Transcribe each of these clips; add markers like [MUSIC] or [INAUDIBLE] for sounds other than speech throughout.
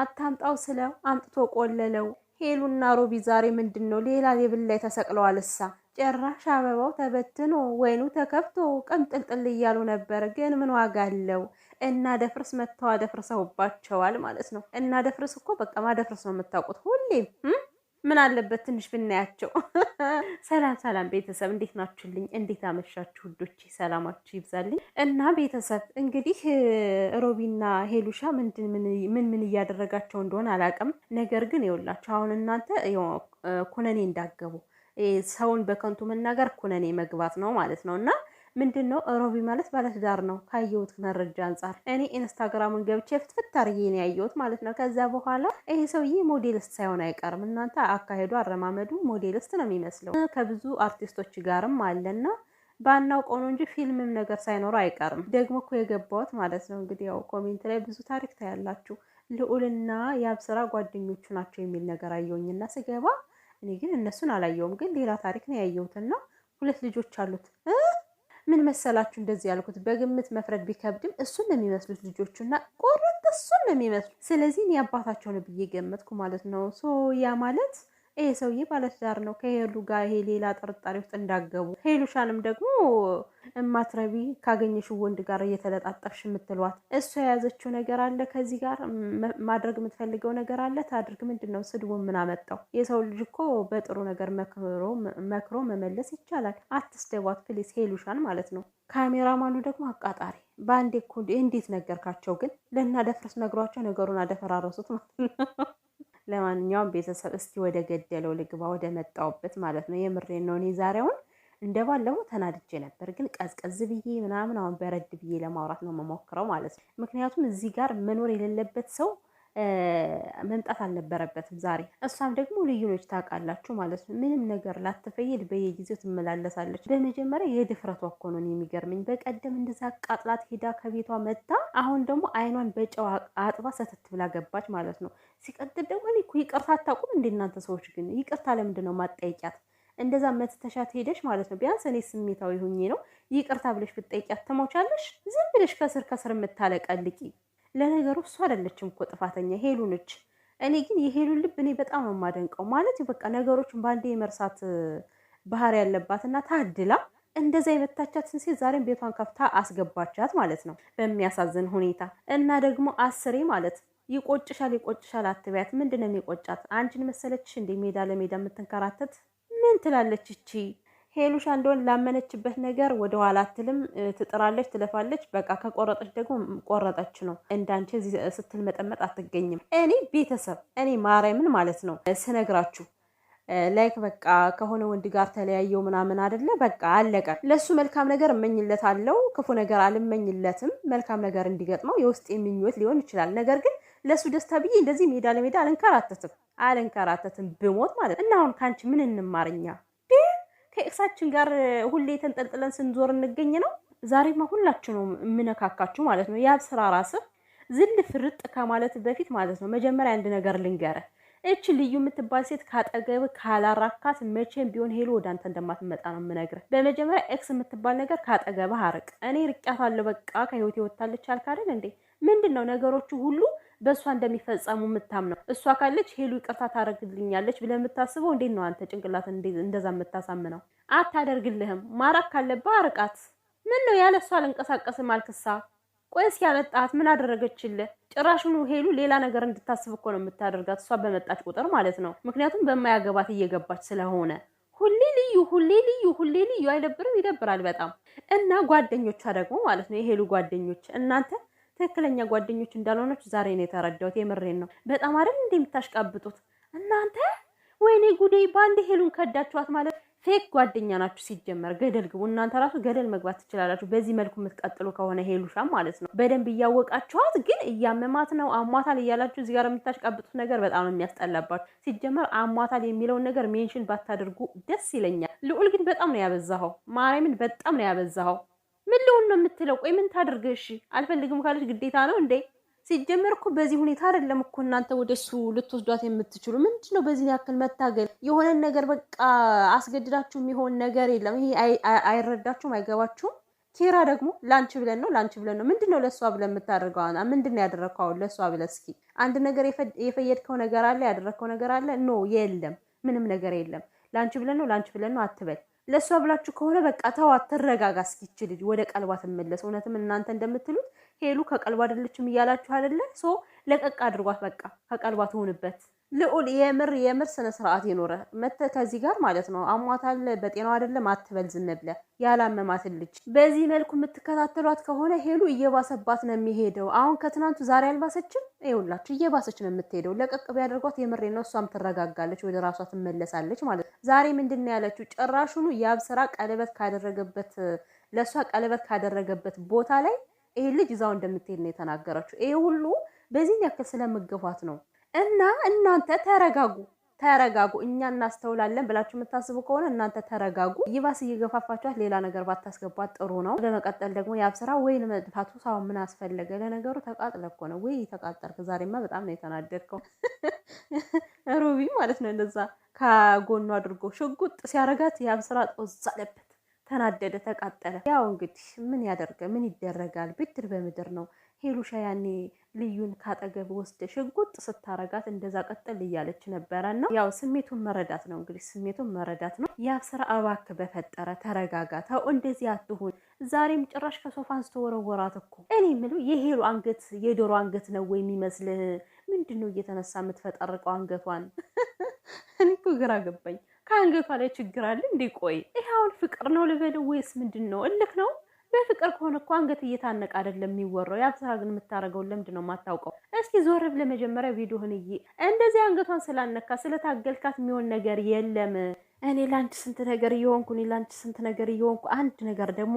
አታምጣው ስለው አምጥቶ ቆለለው። ሄሉና ሮቢ ዛሬ ምንድን ነው ሌላ ሌብል ላይ ተሰቅለዋል። እሳ ጭራሽ አበባው ተበትኖ ወይኑ ተከፍቶ ቅምጥልጥል እያሉ ነበር። ግን ምን ዋጋ አለው? እና ደፍርስ መጥተው አደፍርሰውባቸዋል ማለት ነው። እና ደፍርስ እኮ በቃ ማደፍርስ ነው የምታውቁት ሁሌም። ምን አለበት ትንሽ ብናያቸው ሰላም ሰላም ቤተሰብ እንዴት ናችሁልኝ? እንዴት አመሻችሁ? ውዶቼ ሰላማችሁ ይብዛልኝ። እና ቤተሰብ እንግዲህ ሮቢና ሄሉሻ ምን ምን እያደረጋቸው እንደሆነ አላውቅም። ነገር ግን ይኸውላችሁ አሁን እናንተ ኩነኔ እንዳገቡ ሰውን በከንቱ መናገር ኩነኔ መግባት ነው ማለት ነው እና ምንድን ነው ሮቢ ማለት ባለትዳር ነው ካየሁት መረጃ አንጻር እኔ ኢንስታግራሙን ገብቼ ፍትፍት አርጌ ነው ያየሁት ማለት ነው። ከዛ በኋላ ይሄ ሰውዬ ሞዴልስት ሳይሆን አይቀርም። እናንተ አካሄዱ አረማመዱ ሞዴልስት ነው የሚመስለው። ከብዙ አርቲስቶች ጋርም አለና ባናውቀው ነው እንጂ ፊልምም ነገር ሳይኖረው አይቀርም። ደግሞ እኮ የገባሁት ማለት ነው እንግዲህ ያው ኮሜንት ላይ ብዙ ታሪክ ታያላችሁ። ልዑልና የአብስራ ጓደኞቹ ናቸው የሚል ነገር አየሁኝና ስገባ እኔ ግን እነሱን አላየውም፣ ግን ሌላ ታሪክ ነው ያየሁትና ሁለት ልጆች አሉት ምን መሰላችሁ እንደዚህ ያልኩት በግምት መፍረድ ቢከብድም እሱን ነው የሚመስሉት ልጆቹና ቆረጥ እሱን ነው የሚመስሉት። ስለዚህ እኔ አባታቸው ነው ብዬ ገመትኩ ማለት ነው ሶ ያ ማለት ይሄ ሰውዬ ባለትዳር ነው ከሄሉ ጋር ይሄ ሌላ ጥርጣሬ ውስጥ እንዳገቡ ሄሉሻንም ደግሞ እማትረቢ ካገኘሽው ወንድ ጋር እየተለጣጠፍሽ የምትሏት እሷ የያዘችው ነገር አለ። ከዚህ ጋር ማድረግ የምትፈልገው ነገር አለ። ታድርግ። ምንድን ነው ስድቡ? ምን አመጣው? የሰው ልጅ እኮ በጥሩ ነገር መክሮ መመለስ ይቻላል። አትስደቧት ፕሊስ፣ ሄሉሻን ማለት ነው። ካሜራማኑ ደግሞ አቃጣሪ በአንዴ እኮ እንዴት ነገርካቸው? ግን ለእናደፍረስ ነግሯቸው ነገሩን አደፈራረሱት ማለት ነው። ለማንኛውም ቤተሰብ እስኪ ወደ ገደለው ልግባ፣ ወደ መጣውበት ማለት ነው። የምሬን ነው። እኔ ዛሬውን እንደ ባለፈው ተናድጄ ነበር፣ ግን ቀዝቀዝ ብዬ ምናምን አሁን በረድ ብዬ ለማውራት ነው መሞክረው ማለት ነው። ምክንያቱም እዚህ ጋር መኖር የሌለበት ሰው መምጣት አልነበረበትም ዛሬ። እሷም ደግሞ ልዩኖች ታውቃላችሁ ማለት ነው። ምንም ነገር ላትፈይድ በየጊዜው ትመላለሳለች። በመጀመሪያ የድፍረቷ እኮ ነው የሚገርመኝ። በቀደም እንደዛ አቃጥላት ሄዳ ከቤቷ መታ፣ አሁን ደግሞ አይኗን በጨው አጥባ ሰተት ብላ ገባች ማለት ነው። ሲቀጥል ደግሞ እኔ እኮ ይቅርታ አታውቁም እንደ እናንተ ሰዎች ግን ይቅርታ ለምንድን ነው ማጠይቂያት? እንደዛ መትተሻት ሄደሽ ማለት ነው። ቢያንስ እኔ ስሜታዊ ሁኜ ነው ይቅርታ ብለሽ ብትጠይቂያት ትሞቻለሽ። ዝም ብለሽ ከስር ከስር የምታለቀልቂ ለነገሩ እሱ አይደለችም እኮ ጥፋተኛ ሄሉ ነች። እኔ ግን የሄሉን ልብ እኔ በጣም ነው የማደንቀው። ማለት በቃ ነገሮችን በአንዴ የመርሳት ባህሪ ያለባት እና ታድላ እንደዛ የመታቻትን ሴት ዛሬም ቤቷን ከፍታ አስገባቻት ማለት ነው በሚያሳዝን ሁኔታ። እና ደግሞ አስሬ ማለት ይቆጭሻል፣ ይቆጭሻል አትቢያት። ምንድን ነው የሚቆጫት? አንቺን መሰለችሽ እንደ ሜዳ ለሜዳ የምትንከራተት ምን ትላለች እቺ ሄሉሻ እንደሆን ላመነችበት ነገር ወደ ኋላ አትልም፣ ትጥራለች፣ ትለፋለች። በቃ ከቆረጠች ደግሞ ቆረጠች ነው። እንዳንቺ ስትል መጠመጥ አትገኝም። እኔ ቤተሰብ እኔ ማርያምን ማለት ነው ስነግራችሁ ላይክ በቃ ከሆነ ወንድ ጋር ተለያየው ምናምን አደለ፣ በቃ አለቀ። ለሱ መልካም ነገር እመኝለት አለው፣ ክፉ ነገር አልመኝለትም። መልካም ነገር እንዲገጥመው የውስጤ ምኞት ሊሆን ይችላል። ነገር ግን ለሱ ደስታ ብዬ እንደዚህ ሜዳ ለሜዳ አልንከራተትም አልንከራተትም፣ ብሞት ማለት እና አሁን ከአንቺ ምን እንማርኛ? ከእሳችን ጋር ሁሌ ተንጠልጥለን ስንዞር እንገኝ ነው። ዛሬማ ሁላችሁ ነው የምነካካችሁ ማለት ነው። ያብ ስራ ራስ ዝል ፍርጥ ከማለት በፊት ማለት ነው መጀመሪያ አንድ ነገር ልንገረ እች ልዩ የምትባል ሴት ካጠገብ ካላራካት መቼም ቢሆን ሄሎ ወደ አንተ እንደማትመጣ ነው የምነግርህ። በመጀመሪያ ኤክስ የምትባል ነገር ካጠገብህ አርቅ። እኔ አለው በቃ ከህይወት ወታለች አልክ እንዴ? ምንድን ነው ነገሮቹ ሁሉ በእሷ እንደሚፈጸሙ የምታምነው እሷ ካለች ሄሉ ይቅርታ ታደርግልኛለች ብለህ የምታስበው እንዴት ነው አንተ ጭንቅላት እንደዛ የምታሳምነው? አታደርግልህም። ማራክ ካለብህ አርቃት። ምን ነው ያለ እሷ አልንቀሳቀስም አልክሳ? ቆይስ ያመጣት ምን አደረገችልህ? ጭራሹኑ ሄሉ ሌላ ነገር እንድታስብ እኮ ነው የምታደርጋት እሷ በመጣች ቁጥር ማለት ነው። ምክንያቱም በማያገባት እየገባች ስለሆነ ሁሌ ልዩ ሁሌ ልዩ ሁሌ ልዩ አይደብርም? ይደብራል በጣም። እና ጓደኞቿ ደግሞ ማለት ነው የሄሉ ጓደኞች እናንተ ትክክለኛ ጓደኞች እንዳልሆነች ዛሬ ነው የተረዳሁት። የምሬን ነው። በጣም አይደል እንዴ የምታሽቃብጡት እናንተ! ወይኔ ጉዴ! በአንድ ሄሉን ከዳችኋት ማለት ፌክ ጓደኛ ናችሁ። ሲጀመር ገደል ግቡ። እናንተ ራሱ ገደል መግባት ትችላላችሁ፣ በዚህ መልኩ የምትቀጥሉ ከሆነ ሄሉሻ ማለት ነው። በደንብ እያወቃችኋት ግን እያመማት ነው አሟታል እያላችሁ እዚህ ጋር የምታሽቃብጡት ነገር በጣም ነው የሚያስጠላባችሁ። ሲጀመር አሟታል የሚለውን ነገር ሜንሽን ባታደርጉ ደስ ይለኛል። ልዑል ግን በጣም ነው ያበዛኸው። ማርያምን በጣም ነው ያበዛኸው። ምን ልሁን ነው የምትለው? ቆይ ምን ታድርግ? እሺ አልፈልግም ካለች ግዴታ ነው እንዴ? ሲጀመር እኮ በዚህ ሁኔታ አይደለም እኮ እናንተ ወደሱ ልትወስዷት የምትችሉ። ምንድን ነው በዚህ ያክል መታገል? የሆነን ነገር በቃ አስገድዳችሁ የሚሆን ነገር የለም። ይሄ አይረዳችሁም፣ አይገባችሁም። ኬራ ደግሞ ላንቺ ብለን ነው ላንቺ ብለን ነው። ምንድን ነው ለእሷ ብለን የምታደርገው? ምንድን ነው ያደረግከው? አሁን ለእሷ ብለህ እስኪ አንድ ነገር የፈየድከው ነገር አለ? ያደረግከው ነገር አለ? ኖ የለም፣ ምንም ነገር የለም። ላንቺ ብለን ነው ላንቺ ብለን ነው አትበል። ለእሷ ብላችሁ ከሆነ በቃ ተው፣ አትረጋጋ እስኪች ልጅ ወደ ቀልቧ ትመለስ። እውነትም እናንተ እንደምትሉት ሄሉ ከቀልቧ አይደለችም እያላችሁ አይደለ? ሶ ለቀቅ አድርጓት፣ በቃ ከቀልቧ ትሁንበት። ልዑል የምር የምር ስነ ስርዓት ይኖረ መተ ከዚህ ጋር ማለት ነው። አሟታል፣ በጤናው አይደለም አትበል፣ ዝም ብለህ ያላመማትን ልጅ በዚህ መልኩ የምትከታተሏት ከሆነ ሄሉ እየባሰባት ነው የሚሄደው። አሁን ከትናንቱ ዛሬ አልባሰችም፣ ይኸውላችሁ እየባሰች ነው የምትሄደው። ለቀቅ ቢያደርጓት የምሬ ነው፣ እሷም ትረጋጋለች፣ ወደ ራሷ ትመለሳለች ማለት ነው። ዛሬ ምንድን ነው ያለችው? ጭራሹኑ የአብስራ ቀለበት ካደረገበት ለእሷ ቀለበት ካደረገበት ቦታ ላይ ይህ ልጅ እዛው እንደምትሄድ ነው የተናገረችው። ይሄ ሁሉ በዚህን ያክል ስለምገፏት ነው እና እናንተ ተረጋጉ ተረጋጉ እኛ እናስተውላለን ብላችሁ የምታስቡ ከሆነ እናንተ ተረጋጉ። ይባስ እየገፋፋችኋት ሌላ ነገር ባታስገባት ጥሩ ነው። በመቀጠል ደግሞ የአብስራ ወይ ለመጥፋቱ ሰው ምን አስፈለገ? ለነገሩ ተቃጥለ እኮ ነው። ወይ ተቃጠልክ። ዛሬማ በጣም ነው የተናደድከው [LAUGHS] ሩቢ ማለት ነው። እንደዛ ከጎኑ አድርጎ ሽጉጥ ሲያረጋት የአብስራ ስራ ተናደደ፣ ተቃጠለ። ያው እንግዲህ ምን ያደርገ ምን ይደረጋል? ብድር በምድር ነው። ሄሉሻ ያኔ ልዩን ካጠገብ ወስደ ሽጉጥ ስታረጋት እንደዛ ቀጥል እያለች ነበረ። እና ያው ስሜቱን መረዳት ነው እንግዲህ ስሜቱን መረዳት ነው። ያ ስራ እባክህ በፈጠረ ተረጋጋ፣ ተው እንደዚህ አትሁን። ዛሬም ጭራሽ ከሶፋ አንስቶ ወረወራት እኮ። እኔ የምለው የሄሉ አንገት የዶሮ አንገት ነው ወይ የሚመስልህ? ምንድን ነው እየተነሳ የምትፈጠርቀው አንገቷን? እኔ እኮ ግራ ገባኝ። ከአንገቷ ላይ ችግር አለ እንዴ? ቆይ ይህ አሁን ፍቅር ነው ልበለው ወይስ ምንድን ነው? እልክ ነው በፍቅር ከሆነ እኮ አንገት እየታነቀ አይደለም የሚወራው። የአብስራ ግን የምታደርገውን ለምንድን ነው የማታውቀው? እስኪ ዞር ብለህ መጀመሪያ ቪዲዮህን እይ። እንደዚህ አንገቷን ስላነካ ስለታገልካት የሚሆን ነገር የለም። እኔ ለአንቺ ስንት ነገር እየሆንኩ እኔ ለአንቺ ስንት ነገር እየሆንኩ አንድ ነገር ደግሞ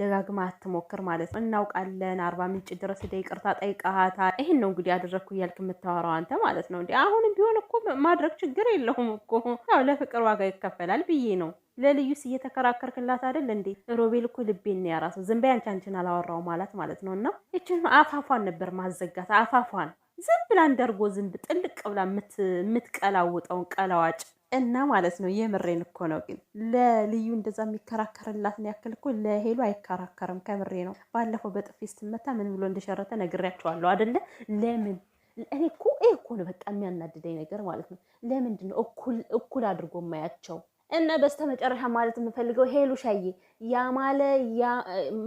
ደጋግማ አትሞክር ማለት ነው። እናውቃለን። አርባ ምንጭ ድረስ ደ ይቅርታ ጠይቀሃታል። ይህን ነው እንግዲህ አደረግኩ እያልክ የምታወራው አንተ ማለት ነው። እንዲ አሁንም ቢሆን እኮ ማድረግ ችግር የለውም እኮ ያው ለፍቅር ዋጋ ይከፈላል ብዬ ነው ለልዩስ እየተከራከርክላት አይደል እንዴ? ሮቤል እኮ ልቤን ነው ያራሰው። ዝም በይ አንቺ አንቺን አላወራው ማለት ማለት ነው። እና ይችን አፋፏን ነበር ማዘጋት። አፋፏን ዝም ብላ እንደርጎ ዝንብ ጥልቅ ብላ የምትቀላውጠውን ቀላዋጭ እና ማለት ነው። የምሬን እኮ ነው። ግን ለልዩ እንደዛ የሚከራከርላትን ያክል እኮ ለሄሉ አይከራከርም። ከምሬ ነው። ባለፈው በጥፊ ስትመታ ምን ብሎ እንደሸረተ ነግሬያቸዋለሁ አደለ? ለምን እኔ እኮ ይሄ እኮ ነው በቃ የሚያናድደኝ ነገር ማለት ነው። ለምንድን ነው እኩል አድርጎ ማያቸው እና በስተመጨረሻ ማለት የምፈልገው ሻዬ ያማለ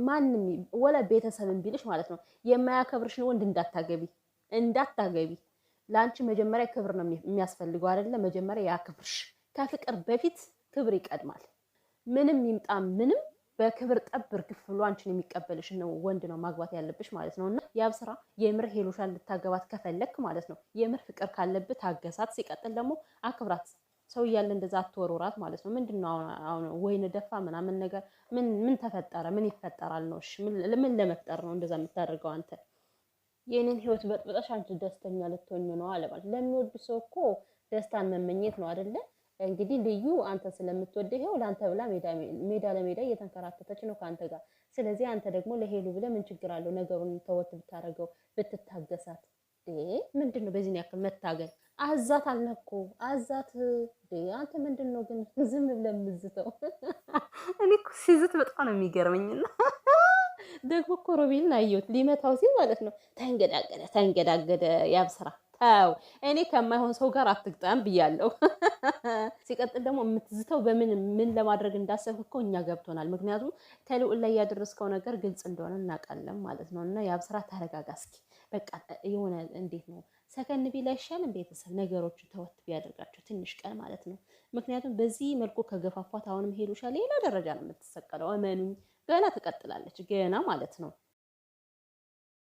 ማንም ወለ ቤተሰብን ቢልሽ ማለት ነው የማያከብርሽን ወንድ እንዳታገቢ እንዳታገቢ። ለአንቺ መጀመሪያ ክብር ነው የሚያስፈልገው አይደለ? መጀመሪያ ያክብርሽ። ከፍቅር በፊት ክብር ይቀድማል። ምንም ይምጣ ምንም በክብር ጠብር ክፍሉ አንቺን የሚቀበልሽ ነው ወንድ ነው ማግባት ያለብሽ ማለት ነው። እና ያብ ስራ የምር ሄሉሻን ልታገባት ከፈለክ ማለት ነው የምር ፍቅር ካለብህ ታገሳት። ሲቀጥል ደግሞ አክብራት። ሰው እያለ እንደዛ አትወርውራት ማለት ነው። ምንድን ነው አሁን ወይን ደፋ ምናምን ነገር ምን ምን ተፈጠረ? ምን ይፈጠራል ነው? እሺ ምን ለመፍጠር ነው እንደዛ የምታደርገው አንተ? የእኔን ህይወት በጥብጠሽ አንቺ ደስተኛ ልትሆኝ ነው አለ ማለት ለሚወድ ሰው እኮ ደስታን መመኘት ነው አይደለ? እንግዲህ ልዩ አንተ ስለምትወድ ይሄው ለአንተ ብላ ሜዳ ለሜዳ እየተንከራተተች ነው ከአንተ ጋር። ስለዚህ አንተ ደግሞ ለሄሉ ብለ ምን ችግር አለው ነገሩን ተወት ብታደርገው ብትታገሳት። ምንድን ነው በዚህን ያክል መታገል አዛት አልነኮ አዛት አንተ ምንድን ነው ግን ዝም ብለን ምዝተው? እኔ እኮ ሲዝት በጣም ነው የሚገርመኝና ደግሞ እኮ ሮቤልን አየሁት ሊመታው ሲል ማለት ነው ተንገዳገደ ተንገዳገደ። ያብስራ ተው፣ እኔ ከማይሆን ሰው ጋር አትግጣም ብያለሁ። ሲቀጥል ደግሞ የምትዝተው በምን ምን ለማድረግ እንዳሰብክ እኮ እኛ ገብቶናል። ምክንያቱም ተልዑል ላይ ያደረስከው ነገር ግልጽ እንደሆነ እናውቃለን ማለት ነው። እና ያብስራ ተረጋጋ እስኪ በቃ የሆነ እንዴት ነው ሰከን ቢል አይሻልም? ቤተሰብ ነገሮችን ተወት ቢያደርጋቸው ትንሽ ቀን ማለት ነው። ምክንያቱም በዚህ መልኩ ከገፋፏት አሁንም ሄሉሻ ሌላ ደረጃ ነው የምትሰቀለው። እመኑኝ ገና ትቀጥላለች፣ ገና ማለት ነው።